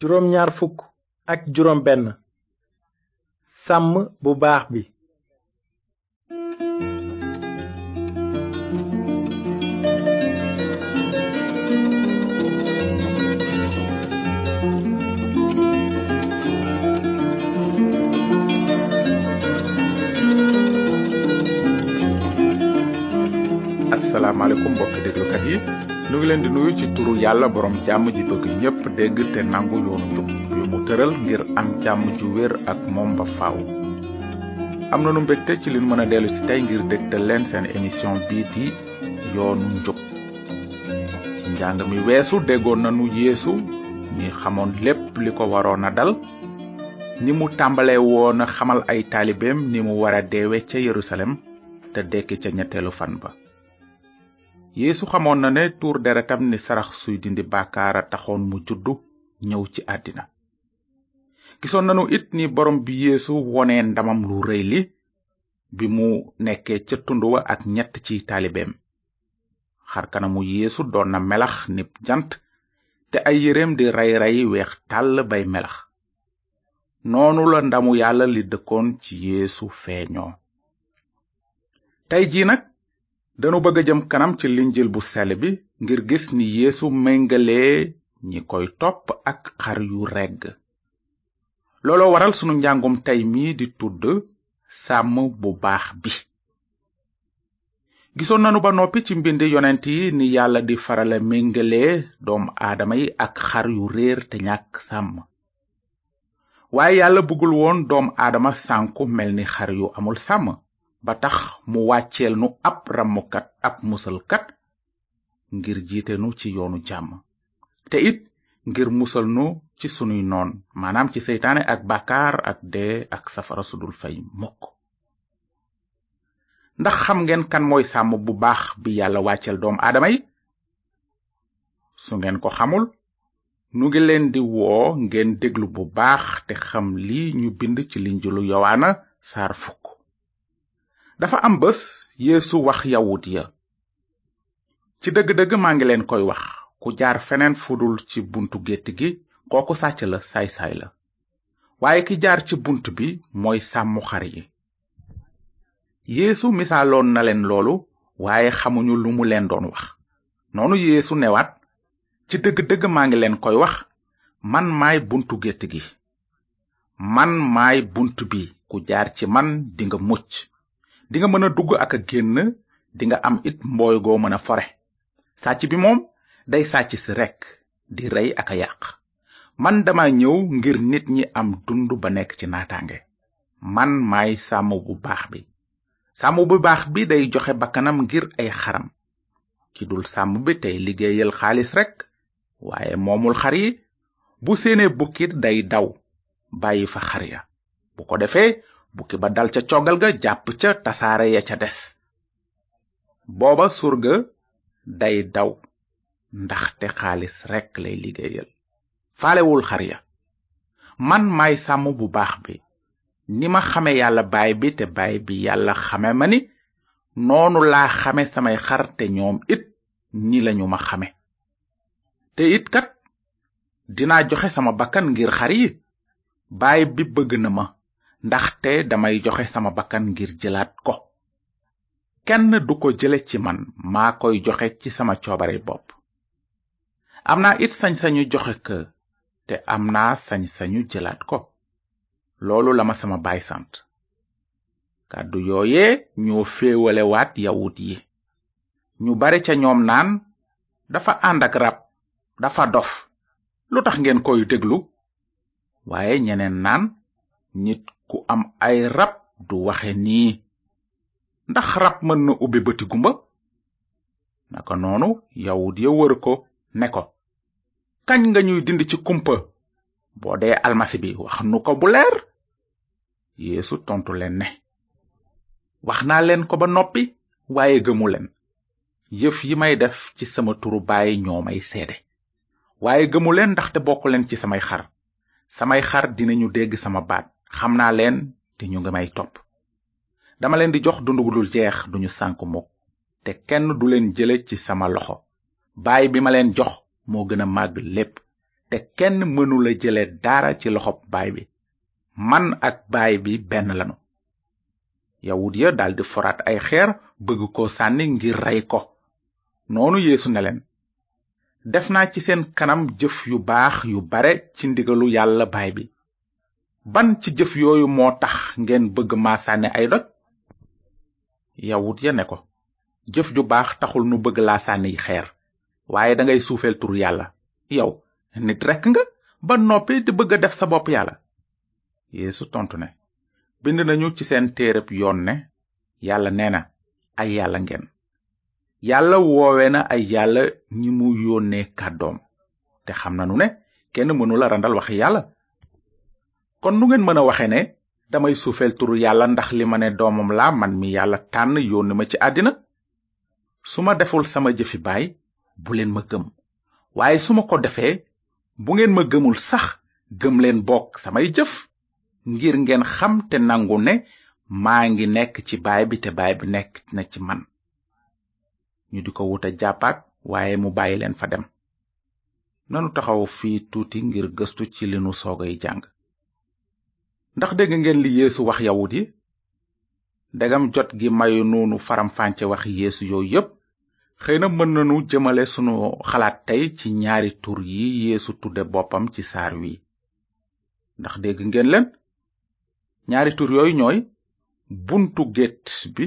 juróom ñaar fukk ak juróom benn sàmm bu baax bi asalaamaaleykum ñu ngi leen di nuyu ci turu yàlla borom jàmm ji bëgg ñépp dégg te nangu yoonu njub yu mu tëral ngir am jàmm ju wér ak moom ba faaw. am na nu mbégte ci li nu mën a dellu si tey ngir dégtal leen seen émission bii di yoonu njub ci njàng mi weesu déggoon nanu yéesu ñi xamoon lépp li ko waroon a dal ni mu tàmbalee woon a xamal ay taalibeem ni mu war a deewe ca Yerusalem te dekki ca ñetteelu fan ba. yeesu xamoon na ne tuur deretam ni sarax suy dindi bàkkaara taxoon mu juddu ñëw ci àddina gisoon nanu it ni borom bi yeesu wone ndamam lu rëy li bi mu nekkee ca tund ak ñett ci taalibeem xarkanamu yéesu doon na melax ni jant te ay yëreem di ray ray weex tàll bay melax noonu la ndamu yàlla li dëkkoon ci yeesu feeñoo tey jii nag danu bëgg a jëm kanam ci linjil bu sell bi ngir gis ni yéesu méngalee ñi koy topp ak xar yu regg looloo waral sunu njàngum tey mii di tudd sàmm bu baax bi gisoon nanu ba noppi ci mbind yonent yi ni yàlla di farale méngalee doom aadama yi ak xar yu réer te ñàkk sàmm waaye yàlla bëggul woon doom aadama sànku mel ni xar yu amul sàmm ba tax mu wàcceel nu ab rammukat ab musalkat ngir jiite ci yoonu jàmm te it ngir musal nu ci sunuy noon maanaam ci seytaane ak bàkkaar ak dee ak safara sudul fay mukk ndax xam ngeen kan mooy sàmm bu baax bi yàlla wàcceel doom aadama yi su ngeen ko xamul nu ngi leen di woo ngeen déglu bu baax te xam li ñu bind ci linjilu yowaana saar fukk dafa am bés yéesu wax yawut ya ci dëgg-dëgg maa ngi leen koy wax ku jaar feneen fudul ci buntu gétt gi kooku sàcc la saay-saay la waaye ki jaar ci bunt bi mooy sàmm xar yi yéesu misaaloon na leen loolu waaye xamuñu lu mu leen doon wax noonu yéesu newaat ci dëgg-dëgg maa ngi leen koy wax man maay buntu gétt gi man maay bunt bi ku jaar ci man dinga mucc dinga mën a dugg ak a génn dinga am it mbooy goo mën a fore sàcc bi moom day sàcc si rekk di rey ak a yàq man dama ñëw ngir nit ñi am dund ba nekk ci naataange man may sàmm bu baax bi sàmm bu baax bi day joxe bakkanam ngir ay xaram ki dul sàmm bi tey liggéeyal xaalis rekk waaye moomul xar yi bu seene bukkit day daw bàyyi fa xar ya bu ko defee bukki ba dal ca coggal ga jàpp ca tasaare ya ca des booba surga day daw ndaxte xaalis rekk lay liggéeyal faalewul xar ya man may sàmm bu baax bi ni ma xame yàlla baay bi te baay bi yàlla xame ma ni noonu laa xame samay xar te ñoom it ni lañu ma xame te it kat dinaa joxe sama bakkan ngir xar yi baay bi bëgg na ma ndaxte damay joxe sama bakkan ngir jëlaat ko kenn du ko jële ci man maa koy joxe ci sama coobare bopp am naa it sañ-sañu joxe ko te am naa sañ-sañu jëlaat ko loolu la ma sama baay sant kàddu yooye ñoo féewalewaat yawut yi ñu bare ca ñoom naan dafa àndak ak rab dafa dof lu tax ngeen koy déglu waaye ñeneen naan nit ku am ay rab du waxe nii ndax rab mën na ubbi bëti gumba naka noonu yawut ya wër ko ne ko kañ nga ñuy dind ci kumpa boo dee almasi bi wax nu ko bu leer yeesu tontu leen ne wax naa leen ko ba noppi waaye gëmu leen yëf yi may def ci sama turu baay ñoo may seede waaye gëmu leen ndaxte bokk leen ci samay xar samay xar dinañu dégg sama baat xam naa leen te ñu ngi may topp dama leen di jox dund gu dul jeex duñu sànk mukk te kenn du leen jële ci sama loxo baay bi ma leen jox moo gën a màgg lépp te kenn mënula jële daara ci loxob baay bi man ak baay bi benn lanu yawut ya daldi foraat ay xeer bëgg ko sànni ngir rey ko noonu yeesu ne leen def naa ci seen kanam jëf yu baax yu bare ci ndigalu yàlla baay bi ban ci jëf yooyu moo tax ngeen bëgg ma sànni ay doj yawut ya ne ko jëf ju baax taxul nu bëgg laa sànni xeer waaye dangay suufeel tur yàlla yow nit rekk nga ban noppi di bëgg a def sa bopp yàlla yeesu tontu ne bind nañu ci seen téereb yoon ne yàlla nee na ay yàlla ngeen yàlla woowe na ay yàlla ñi mu yónnee kàddoom te xam nanu ne kenn mënula randal waxi yàlla kon nu ngeen mën a waxe ne damay suufeel yàlla ndax li ma ne doomam laa man mi yàlla tànn yónni ma ci àddina su ma deful sama jëfi baay bu leen ma gëm waaye su ma ko defee bu ngeen ma gëmul sax gëm leen bokk samay jëf ngir ngeen xam te nangu ne maa ngi nekk ci baay bi te baay bi nekk na ci man ñu di ko wuta jàppaat waaye mu bàyyi leen fa dem nanu taxaw fii tuuti ngir gëstu ci li nu soogay jàng ndax dégg ngeen li yeesu wax yawut yi degam jot gi mayu noonu faramfànce wax yeesu yooyu yépp xëy na mën nanu jëmale sunu xalaat tey ci ñaari tur yi yeesu tudde boppam ci saar wi ndax dégg ngeen leen ñaari tur yooyu ñooy buntu gétt bi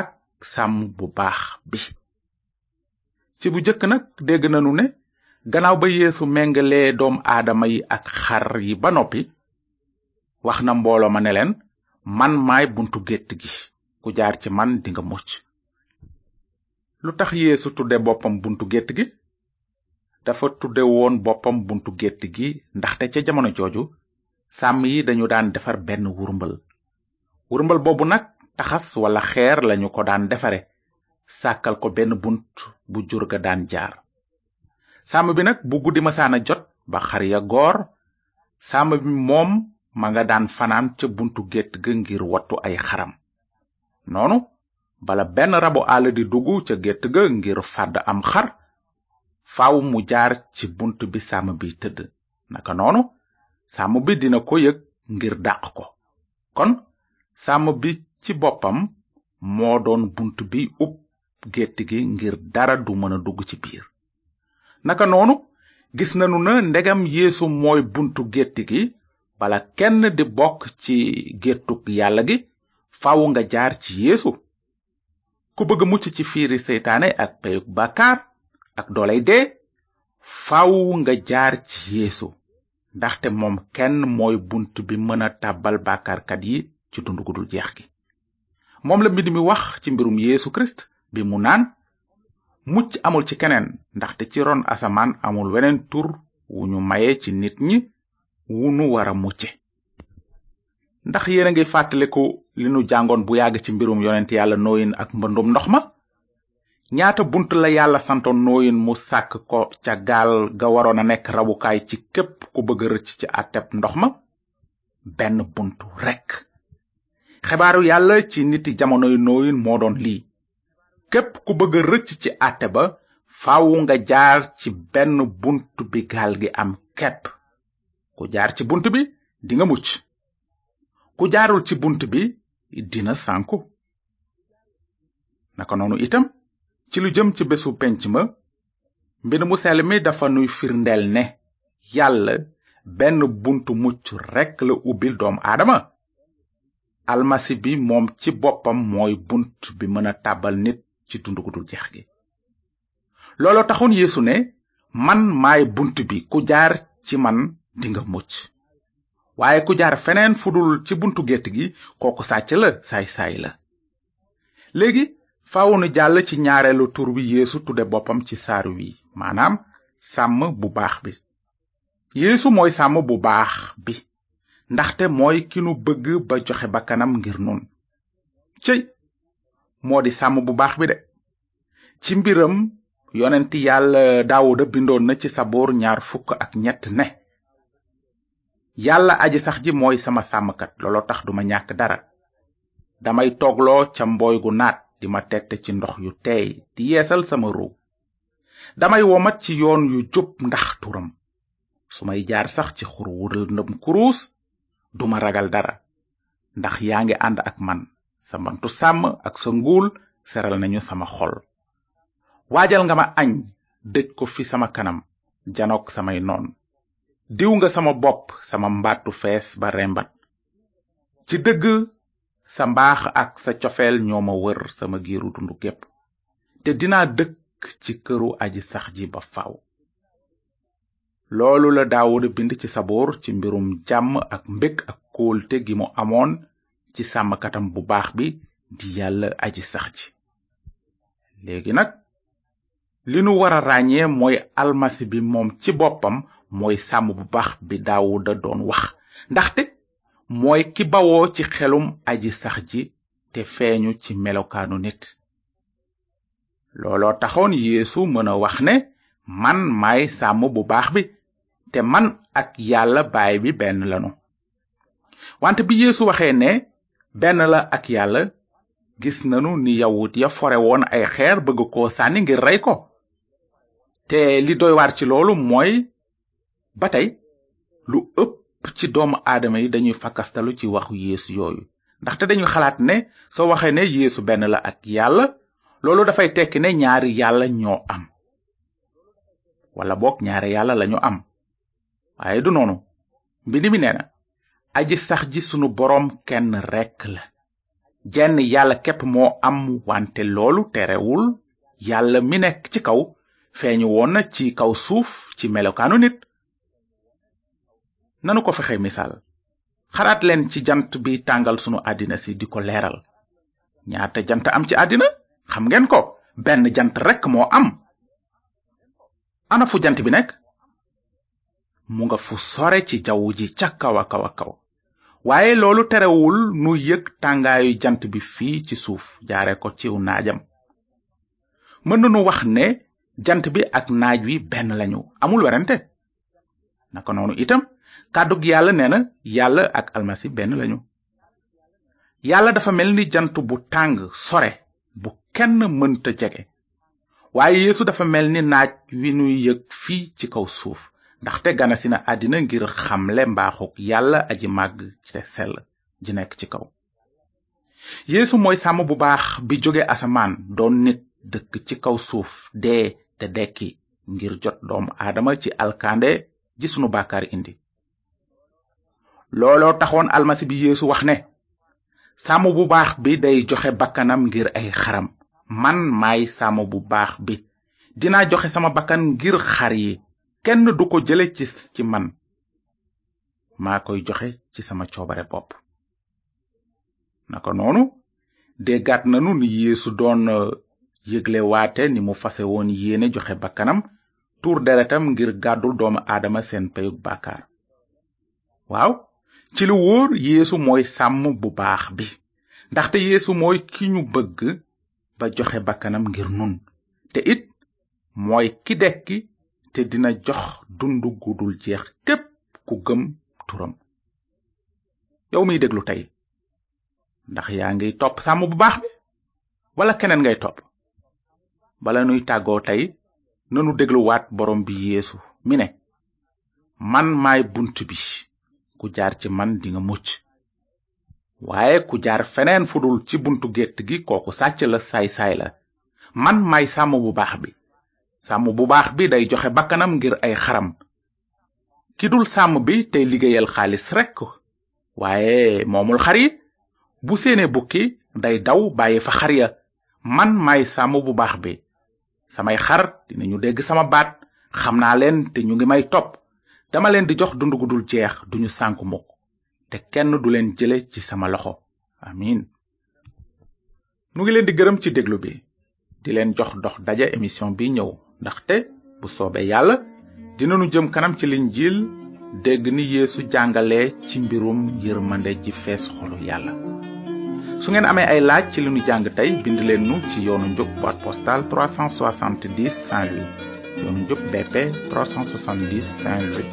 ak sàmm bu baax bi ci bu jëkk nag dégg nanu ne gannaaw ba yéesu mengalee doom aadama yi ak xar yi ba noppi wax na mbooloo ma ne leen man may buntu gétt gi ku jaar ci man dinga mucc lu tax yéesu tudde boppam buntu gétt gi dafa tudde woon boppam buntu gétt gi ndaxte ca jamono jooju sàmm yi dañu daan defar benn wurmbal wurmbal boobu nag taxas walla xeer lañu ko daan defare sàkkal ko benn bunt bu jur ga daan jaar sàmm bi nag bu guddi masaana jot ba xar ya goor sàmm bi moom ma nga daan fanaan ca buntu gétt ga ngir wattu ay xaram noonu bala benn rabu àll di dugg ca gétt ga ngir fàdd am xar faw mu jaar ci bunt bi sàmm bi tëdd naka noonu sàmm bi dina ko yëg ngir dàq ko kon sàmm bi ci boppam moo doon bunt bi ub gétt gi ngir dara du mën a dugg ci biir naka noonu gis nanu na ndegam yéesu mooy buntu gétt gi bala kenn di bokk ci gétu yàlla gi faw nga jaar ci yeesu ku bëgg mucc ci fiiri seytaane ak peyug bàkkaar ak doolay dee faw nga jaar ci yeesu ndaxte moom kenn mooy bunt bi mën a tàbbal bàkkaarkat yi ci dund gu jeex gi moom la mbind mi wax ci mbirum yeesu kirist bi mu naan mucc amul ci keneen ndaxte ci ron asamaan amul weneen tur wu ñu maye ci nit ñi wu nu wara mucce ndax yéena ngi fàttaliku li nu jàngoon bu yàgg ci mbirum yonent yàlla nooyin ak mbëndum ndox ma ñaata bunt la yàlla santoon nooyin mu sàkk ko ca gaal ga waroon a nekk rabukaay ci képp ku bëgg rëcc ndox ma benn bunt yàlla ci niti jamonoy nooyin moo doon lii képp ku bëgg rëcc ci àtte ba faawu nga jaar ci benn bunt bi gaal gi am kepp ku jaar ci bunt bi dinga mucc ku jaarul ci bunt bi dina sànku naka noonu itam ci lu jëm ci bésu penc ma mbind mu sell mi dafa nuy firndeel ne yàlla benn buntu mucc rekk la ubbil doom aadama almasi bi moom ci boppam mooy bunt bi mën a tàbbal nit ci dund gu jeex gi looloo taxoon yeesu ne man maay bunt bi ku jaar ci man dinga mucc waaye ku jaar feneen fudul ci buntu gétt gi kooku sàcc la saay-saay la léegi faaw nu jàll ci ñaareelu tur bi yeesu tudde boppam ci saar wi maanaam sàmm bu baax bi yéesu mooy sàmm bu baax bi ndaxte mooy ki nu bëgg ba joxe bakkanam ngir nun cëy moo di sàmm bu baax bi de ci mbiram yonent yàlla daawuda bindoon na ci saboor ñaar fukk ak ñett ne yàlla aji sax ji mooy sama sàmmkat looloo tax duma ñàkk dara damay toogloo ca mbooy gu naat di ma tette ci ndox yu teey di yeesal sama ruug damay womat ci yoon yu jub ndax turam su may jaar sax ci xur wural ndëm kurus duma ragal dara ndax yaa ngi ànd ak man sa mbantu sàmm ak sa nguul seral nañu sama xol waajal nga ma añ dëj ko fi sama kanam janook samay noon diw nga sama bopp sama mbàttu fees ba rembat ci dëgg sa mbaax ak sa cofeel ñoo ma wër sama giiru dundu gépp te dina dëkk ci këru aji sax ji ba faw loolu la daawuda bind ci saboor ci mbirum jàmm ak mbég ak kóolte gi mu amoon ci sàmmkatam bu baax bi di yàlla aji sax ji léegi nag li nu war a ràññee mooy almasi bi moom ci boppam mooy sàmm bu baax bi daawuda doon wax ndaxte mooy ki bawoo ci xelum aji sax ji te feeñu ci melokaanu nit looloo taxoon yéesu mëna wax ne man maay sàmm bu baax bi te man ak yàlla baay bi benn lanu wante bi yeesu waxee ne benn la ak yàlla gis nanu ni yawut ya fore woon ay xeer bëgg ko sànni ngir rey ko te li doy waar ci loolu mooy ba tey lu ëpp ci doomu aadama yi dañuy fakkastalu ci waxu yéesu yooyu ndaxte dañuy xalaat ne soo waxee ne yéesu benn la ak yàlla loolu dafay tekki ne ñaari yàlla ñoo am wala boog ñaari yàlla lañu am waaye du noonu mbind mi nee na aji sax ji sunu boroom kenn rekk la jenn yàlla képp moo am wante loolu terewul yàlla mi nekk ci kaw feeñu woon na ci kaw suuf ci melokaanu nit nanu ko fexe misaal xaraat leen ci jant bi tàngal sunu àddina si di ko leeral ñaata jant am ci àddina xam ngeen ko benn jant rekk moo am ana fu jant bi nekk mu nga fu sore ci jaww ji ca kaw a kaw a kaw waaye loolu terewul nu yëg tàngaayu jant bi fii ci suuf jaare ko ciw naajam mën nanu wax ne jant bi ak naaj wi benn lañu amul werante naka noonu itam kàddug yàlla nee na yàlla ak almasi benn lañu yàlla dafa mel ni jant bu tàng sore bu kenn mënta jege waaye yeesu dafa mel ni naaj wi nuy yëg fii ci kaw suuf ndaxte ganasi na àddina ngir xamle mbaaxu yàlla aji màgg te sell ji nekk ci kaw yeesu mooy bu baax bi jóge asamaan doon nit ci kaw suuf dee te dekki ngir jot doomu aadama ci alkande ji nu bàkkaar indi looloo taxoon almasi bi yeesu wax ne sàmm bu baax bi day joxe bakkanam ngir ay xaram man maay sàmm bu baax bi dinaa joxe sama bakkan ngir xar yi kenn du ko jële ci ci man maa koy joxe ci sama coobare bop naka noonu déggaat nanu ni yeesu doon yëgle waate ni mu fase woon yéene joxe bakkanam tuur deretam ngir gàddul doomu aadama seen peyug bàkkaar waaw ci lu wóor yeesu mooy sàmm bu baax bi ndaxte yéesu mooy ki ñu bëgg ba joxe bakkanam ngir nun te it mooy ki dekki te dina jox dund gu jeex képp ku gëm turam yow mi déglu tey ndax yaa ngiy topp sàmm bu baax bi wala keneen ngay topp bala nuy tàggoo tey nanu dégluwaat borom bi yéesu mi ne man maay bunt bi ku jaar ci man dinga mucc waaye ku jaar feneen fudul ci buntu gétt gi kooku sàcc la saay-saay la man maay sàmm bu baax bi sàmm bu baax bi day joxe bakkanam ngir ay xaram ki dul sàmm bi tey liggéeyal xaalis rekk waaye moomul xar yi bu seene bukki day daw bàyyi fa xar ya man maay sàmm bu baax bi samay xar dinañu dégg sama baat xam naa leen te ñu ngi may topp dama leen di jox dund gu dul jeex duñu sànk mukk te kenn du leen jële ci sama loxo amin nu ngi leen di gërëm ci déglu bi di leen jox dox daja émission bi ñëw ndaxte bu soobee yàlla dinañu jëm kanam ci linjiil dégg ni yeesu jàngale ci mbirum yërmande ji fees xolu yàlla su ngeen amee ay laaj ci li nu jàng tey bind leen nu ci yoonu njub boîte postale 370 Saint-Louis yoonu njub BP 370 Saint-Louis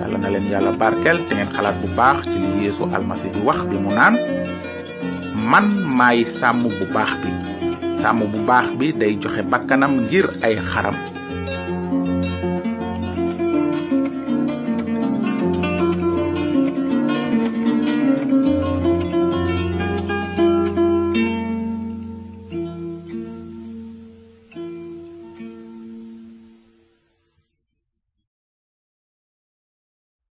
yàlla na leen yàlla barkeel te ngeen xalaat bu baax ci li Yeesu almasi bi wax bi mu naan man maay sàmm bu baax bi sàmm bu baax bi day joxe bakkanam ngir ay xaram